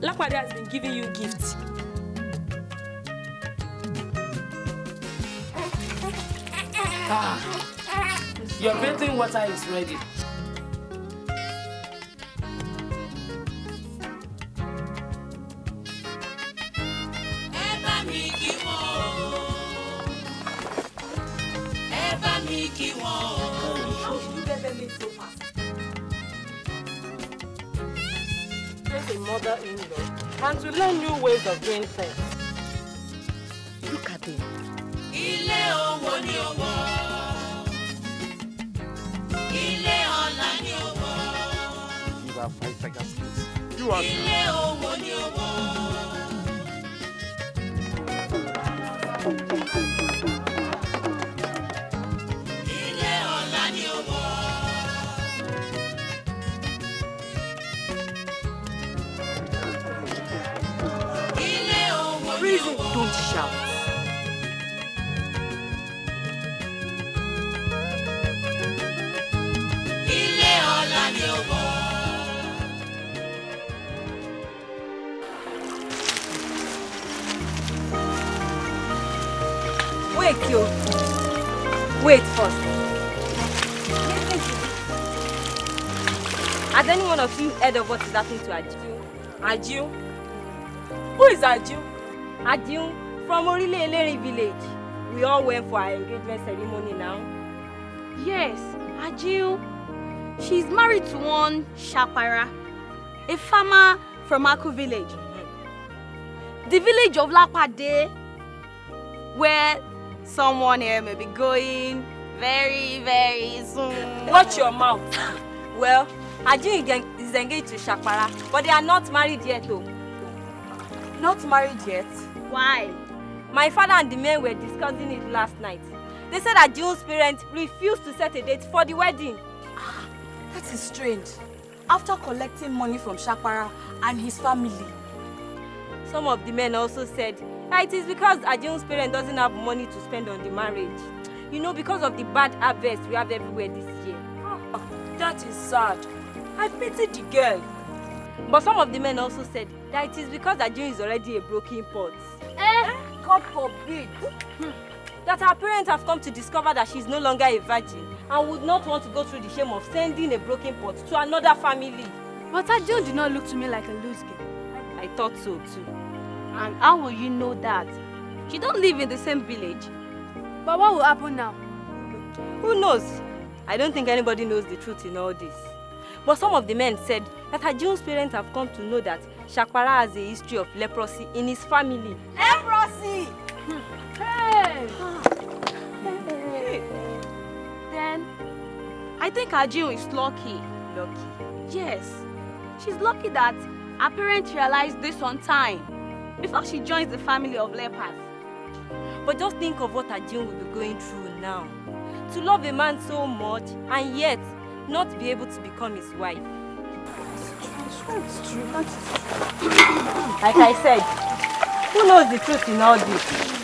Lakwadi has been giving you gifts. Ah, your bathing water is ready. Ẹ bá mi kí wọn One. mother-in-law and to learn new ways of doing things. Look at him. Ilé owó ni owó. Ilé ọlá ni owó. You have five tiger skills. You are. Ilé owó ni owó. one of you heard of what is happening to Ajiu? Ajiu? Who is Ajiu? Ajiu from Orile Eleri village. We all went for our engagement ceremony now. Yes, Ajiu. She is married to one Shapara, a farmer from Aku village. The village of Lapade, where someone here may be going very, very soon. Watch your mouth. well, Ajin is engaged to Shapara, but they are not married yet though. Not married yet? Why? My father and the men were discussing it last night. They said that June's parents refused to set a date for the wedding. Ah, that is strange. After collecting money from Shapara and his family. Some of the men also said that ah, it is because Ajun's parents doesn't have money to spend on the marriage. You know, because of the bad harvest we have everywhere this year. Oh, that is sad. I pitied the girl. But some of the men also said that it is because Ajo is already a broken pot. Eh? eh? God forbid. Hmm. that her parents have come to discover that she is no longer a virgin and would not want to go through the shame of sending a broken pot to another family. But Ajo did not look to me like a loose girl. I thought so too. And how will you know that? She don't live in the same village. But what will happen now? Who knows? I don't think anybody knows the truth in all this. But some of the men said that her parents have come to know that Shakwara has a history of leprosy in his family. Leprosy! hey. hey! Then, I think her is lucky. Lucky? Yes. She's lucky that her parents realized this on time before she joins the family of lepers. But just think of what Ajin will be going through now. To love a man so much and yet not be able to become his wife. true. true. Like I said, who knows the truth in all this?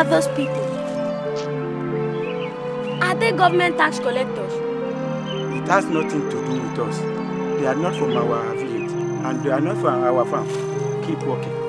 are those people? Are they government tax collectors? It has nothing to do with us. They are not from our village and they are not from our farm. Keep working.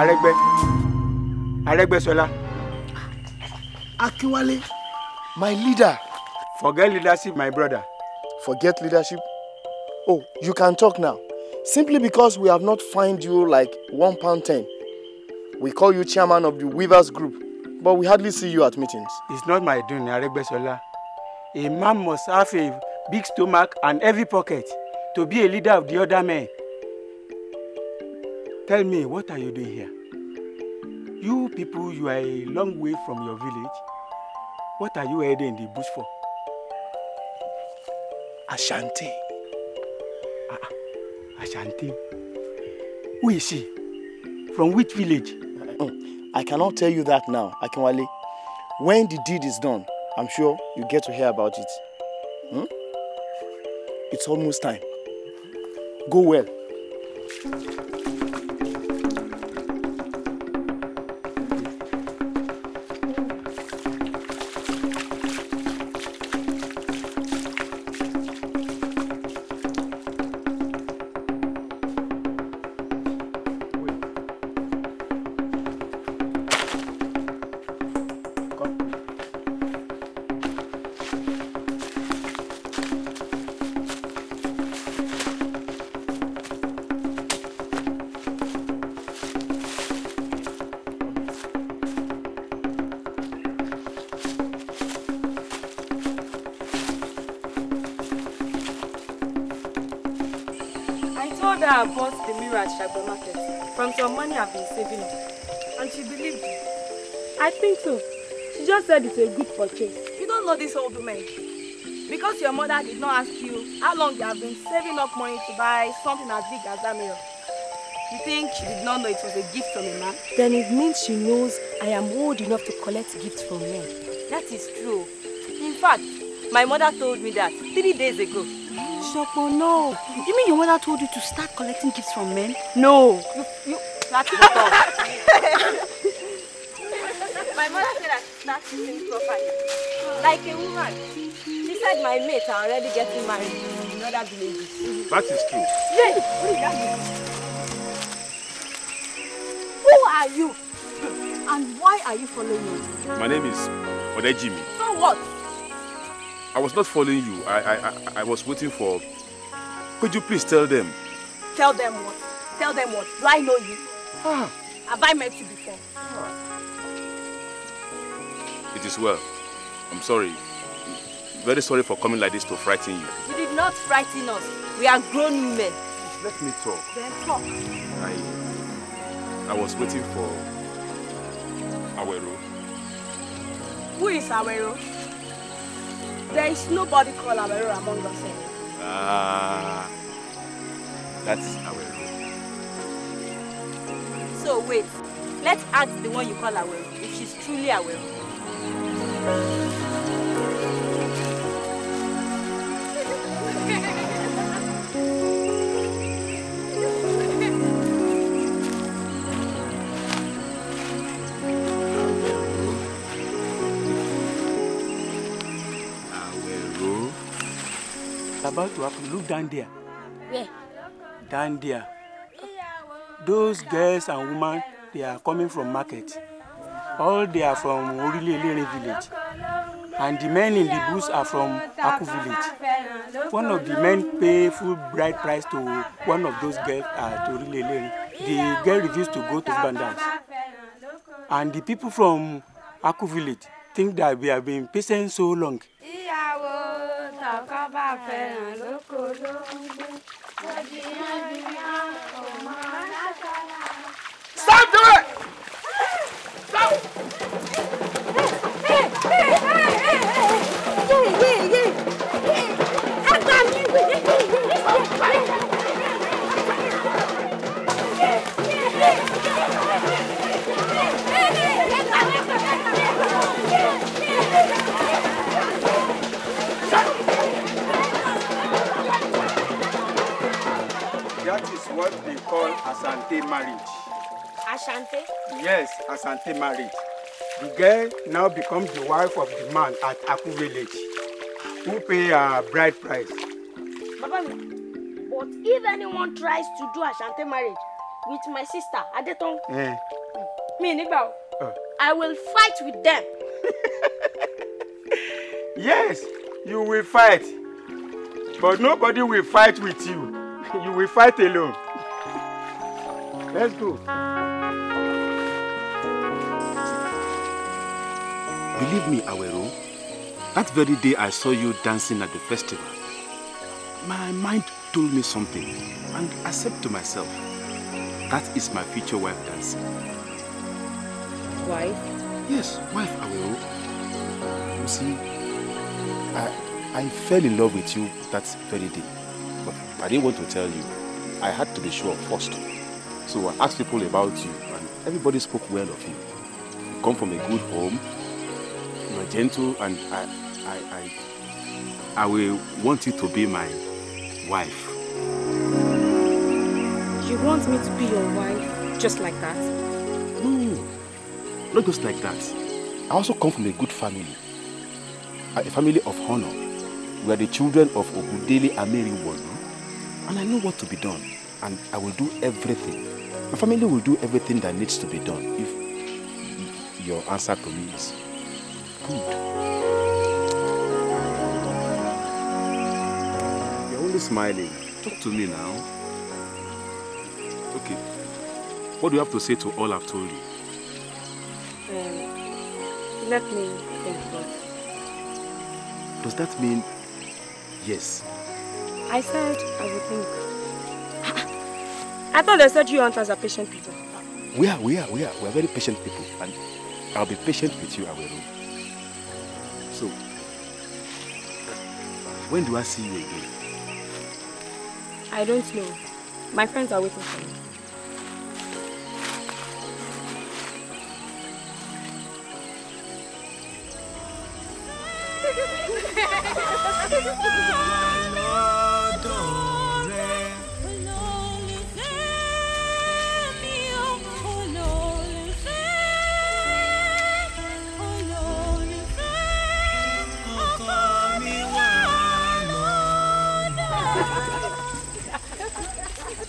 arẹ́gbẹ́ arẹ́gbẹ́ṣọlá. akínwálé my leader. forget leadership my brother. forget leadership oh you can talk now simply because we have not fined you like one pound ten we call you chairman of the weavers group but we hardly see you at meetings. it's not my doing arẹ́gbẹ́ṣọlá a man must have a big stomach and heavy pocket to be a leader of the other men. Tell me, what are you doing here? You people, you are a long way from your village. What are you heading in the bush for? Ashanti. Ah, ah, Ashanti? Who is she? From which village? Uh, uh, I cannot tell you that now, Akinwale. When the deed is done, I'm sure you get to hear about it. Hmm? It's almost time. Go well. Thank you. I bought the mirror at Shagbo Market from some money I've been saving up. And she believed me. I think so. She just said it's a good purchase. You don't know this old woman. Because your mother did not ask you how long you have been saving up money to buy something as big as that mirror. You think she did not know it was a gift from a man? Then it means she knows I am old enough to collect gifts from men. That is true. In fact, my mother told me that three days ago. Shopo, no. You mean your mother told you to start collecting gifts from men? No. You, you, not My mother said I should start using properly. Like a woman. She said my mates are already getting married no other villages. That is true. Yes, please. Who are you? And why are you following me? My name is Odejimi. So what? I was not following you. I, I, I, I was waiting for... Could you please tell them? Tell them what? Tell them what? Do I know you? Ah. Have I met you before? Ah. It is well. I'm sorry. Very sorry for coming like this to frighten you. You did not frighten us. We are grown men. let me talk. Then talk. I, I was waiting for Awero. Who is Awero? There is nobody called Aweru among us Ah, that is Aweru. So wait, let's ask the one you call Aweru if she's truly Aweru. about to happen. Look down there. Where? Down there. Those girls and women, they are coming from market. All they are from Orile village. And the men in the booth are from Aku village. One of the men pay full bride price to one of those girls at Orile Elere. The girl refused to go to Bandas. And the people from Aku village think that we have been patient so long. ọkọ bá fẹ́ràn lóko Hey, hey, hey, hey, hey, hey, mọ látara. Stop doing it! Stop! what they call Asante marriage. Asante? Yes, Asante marriage. The girl now becomes the wife of the man at Aku village, who pay a bride price. Baba mi, but if anyone tries to do Asante marriage with my sister Adetong, eh. me Nibao, uh. Oh. I will fight with them. Yes, you will fight, but nobody will fight with you. You will fight alone. Let's Believe me, Aweru. that very day I saw you dancing at the festival, my mind told me something and I said to myself, that is my future wife dancing. Wife? Yes, wife Aweru. You see, I, I fell in love with you that very day, but I didn't want to tell you. I had to be sure first. So I asked people about you, and everybody spoke well of you. You come from a good home, you are gentle, and I, I, I, I will want you to be my wife. You want me to be your wife just like that? No, not just like that. I also come from a good family, a family of honor. We are the children of Ogudele Ameri and I know what to be done, and I will do everything my family will do everything that needs to be done if your answer to me is good. You're only smiling. Talk to me now. Okay. What do you have to say to all I've told you? Um, let me think about it. Does that mean yes? I said I would think I thought they said you hunters are patient people. We are, we are, we are. We are very patient people. And I'll be patient with you, Awero. So, when do I see you again? I don't know. My friends are waiting for me. Ha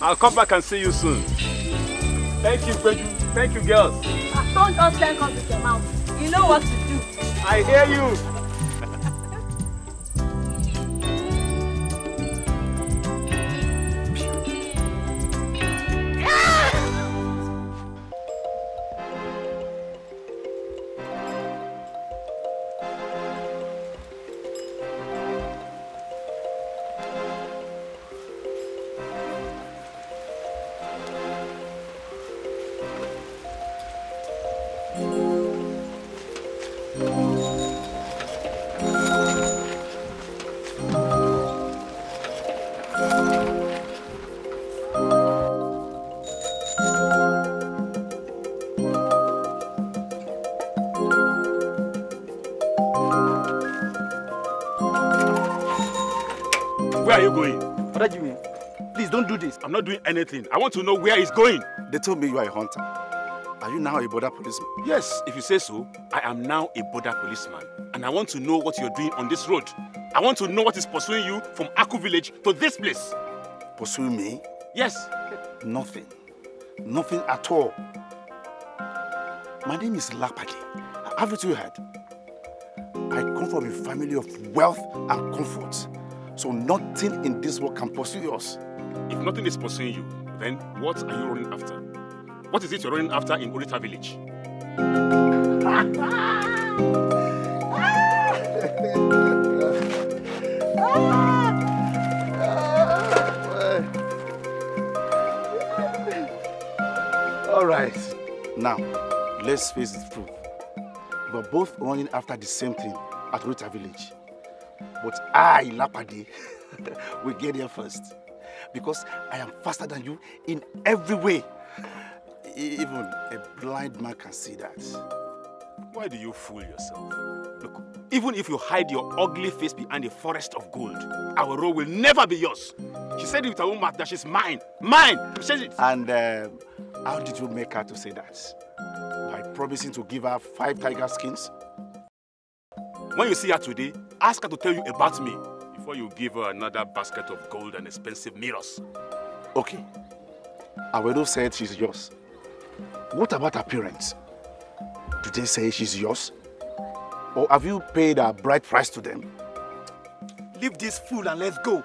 I'll come back and see you soon. Thank you, Beju. Thank you, girls. Ah, don't just thank us with your mouth. You know what to do. I hear you. I'm not doing anything. I want to know where he's going. They told me you are a hunter. Are you now a border policeman? Yes, if you say so, I am now a border policeman. And I want to know what you're doing on this road. I want to know what is pursuing you from Aku village to this place. Pursuing me? Yes. Nothing. Nothing at all. My name is Lapaki. Haven't you heard? I come from a family of wealth and comfort. So nothing in this world can pursue us. If nothing is pursuing you, then what are you running after? What is it you're running after in Orita village? All right. Now, let's face the truth. We are both running after the same thing at Ruta village. But I, Lapade, will get there first because I am faster than you in every way. Even a blind man can see that. Why do you fool yourself? Look, even if you hide your ugly face behind a forest of gold, our role will never be yours. She said it with her own mouth that she's mine. Mine! She said it. And uh, how did you make her to say that? By promising to give her five tiger skins? When you see her today, ask her to tell you about me before you give her another basket of gold and expensive mirrors. Okay. Awedo said she's yours. What about her parents? Do they say she's yours? Or have you paid a bright price to them? Leave this fool and let's go.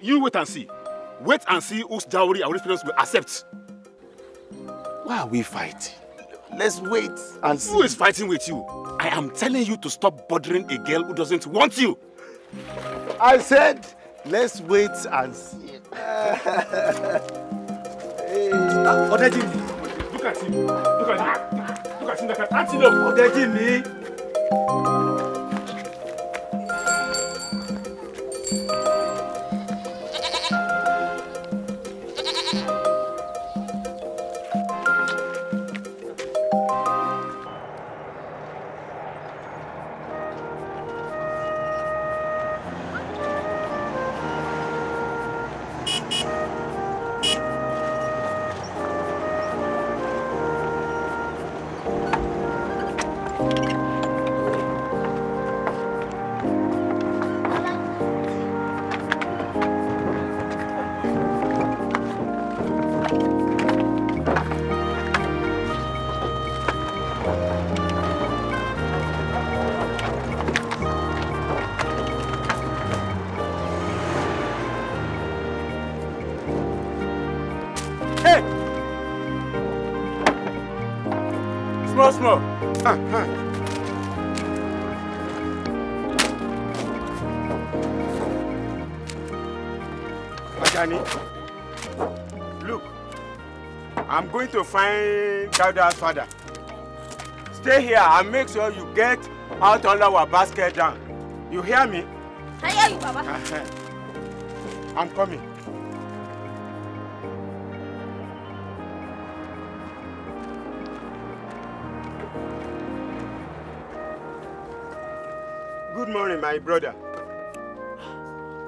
You wait and see. Wait and see whose dowry our parents will accept. Why are we fighting? Let's wait and see. Who is fighting with you? I am telling you to stop bothering a girl who doesn't want you. I said, let's wait and see. Ọ̀dẹ́jìmí. Look at him. Look at him. Look at him. Look at him. Ọ̀dẹ́jìmí. Gani, look, I'm going to find Dauda's father. Stay here and make sure you get out all our basket down. You hear me? I hear you, Baba. Uh-huh. I'm coming. Good morning, my brother.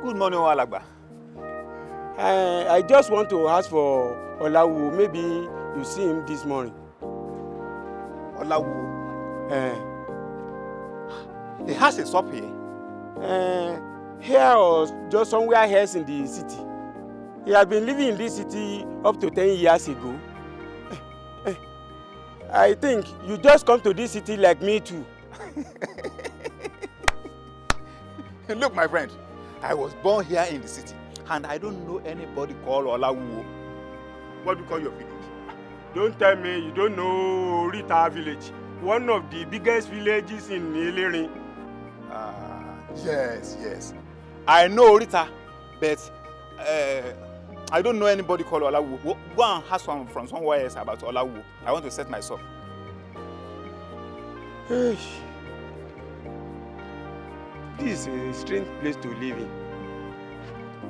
Good morning, Alàgbà. Uh, I just want to ask for Olawu. Maybe you see him this morning. Olawu, Uh, eh. he has a shop here. Uh, here or just somewhere else in the city. He has been living in this city up to 10 years ago. Eh, I think you just come to this city like me too. Look, my friend, I was born here in the city and I don't know anybody called Olawuwo. What do you call your village? Don't tell me you don't know Rita village, one of the biggest villages in Ilerin. Ah, uh, yes, yes. I know Rita, but uh, I don't know anybody called Olawuwo. Go and ask someone from somewhere else about Olawuwo. I want to set myself. This is a strange place to live in.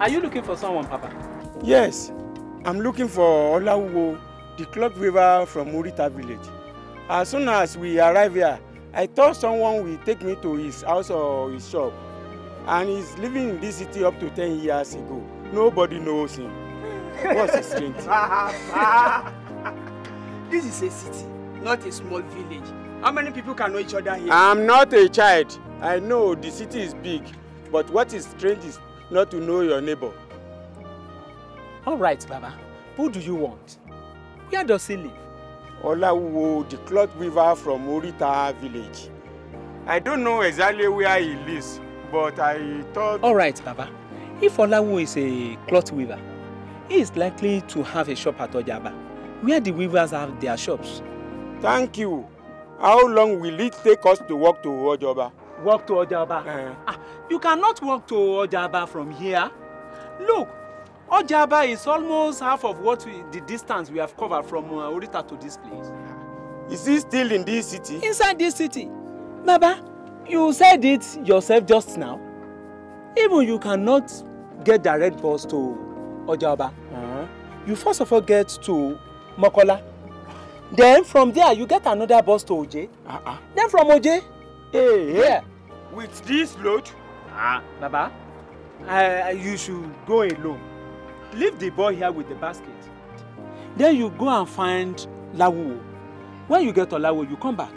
Are you looking for someone, Papa? Yes, I'm looking for Olawuwo, the clock River from Murita village. As soon as we arrive here, I thought someone will take me to his house or his shop. And he's living in this city up to 10 years ago. Nobody knows him. What's his strength? This is a city, not a small village. How many people can know each other here? I'm not a child. I know the city is big, but what is strange is not to know your neighbor. All right, Baba. Who do you want? Where does he live? Olawuwo, the cloth weaver from Orita village. I don't know exactly where he lives, but I thought... All right, Baba. If Olawu is a cloth weaver, he is likely to have a shop at Ojaba, where the weavers have their shops. Thank you. How long will it take us to walk to Ojaba? Walk to Ojaba? Uh, ah, You cannot walk to Ojaba from here. Look, Ojaba is almost half of what we, the distance we have covered from uh, Orita to this place. Is he still in this city? Inside this city. Baba, you said it yourself just now. Even you cannot get direct bus to Ojaba. Uh-huh. You first of all get to Mokola. Then from there, you get another bus to Oje. Uh-uh. Then from Oje, hey, here. With this load? Ah. Baba, I, uh, you should go alone. Leave the boy here with the basket. Then you go and find Lawo. When you get to Lawo, you come back.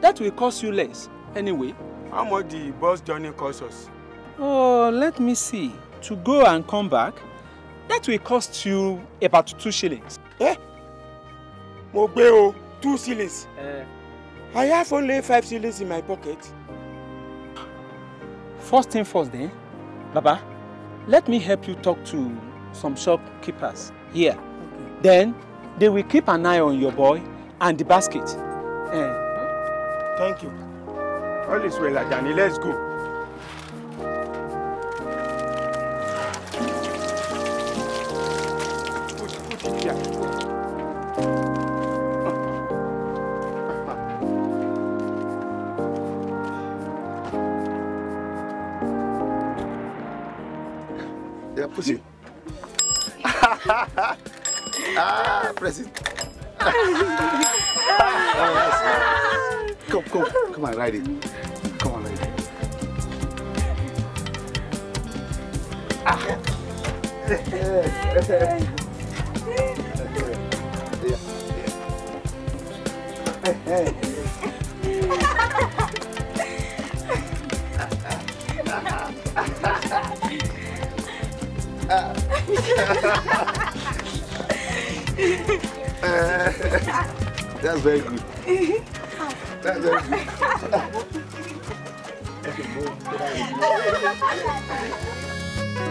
That will cost you less anyway. How much the bus journey costs us? Oh, let me see. To go and come back, that will cost you about two shillings. Eh? Mobeo, two shillings. Eh. I have only five shillings in my pocket. First thing first then, eh? Baba, let me help you talk to some shopkeepers here. Okay. Then they will keep an eye on your boy and the basket. Eh. Thank you. All is well, Ajani. Let's go. there. it. ah, press it. oh, Come, come, come on, ride it. Come on, ride it. Ah. Hey, hey. That's very good. That's very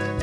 good.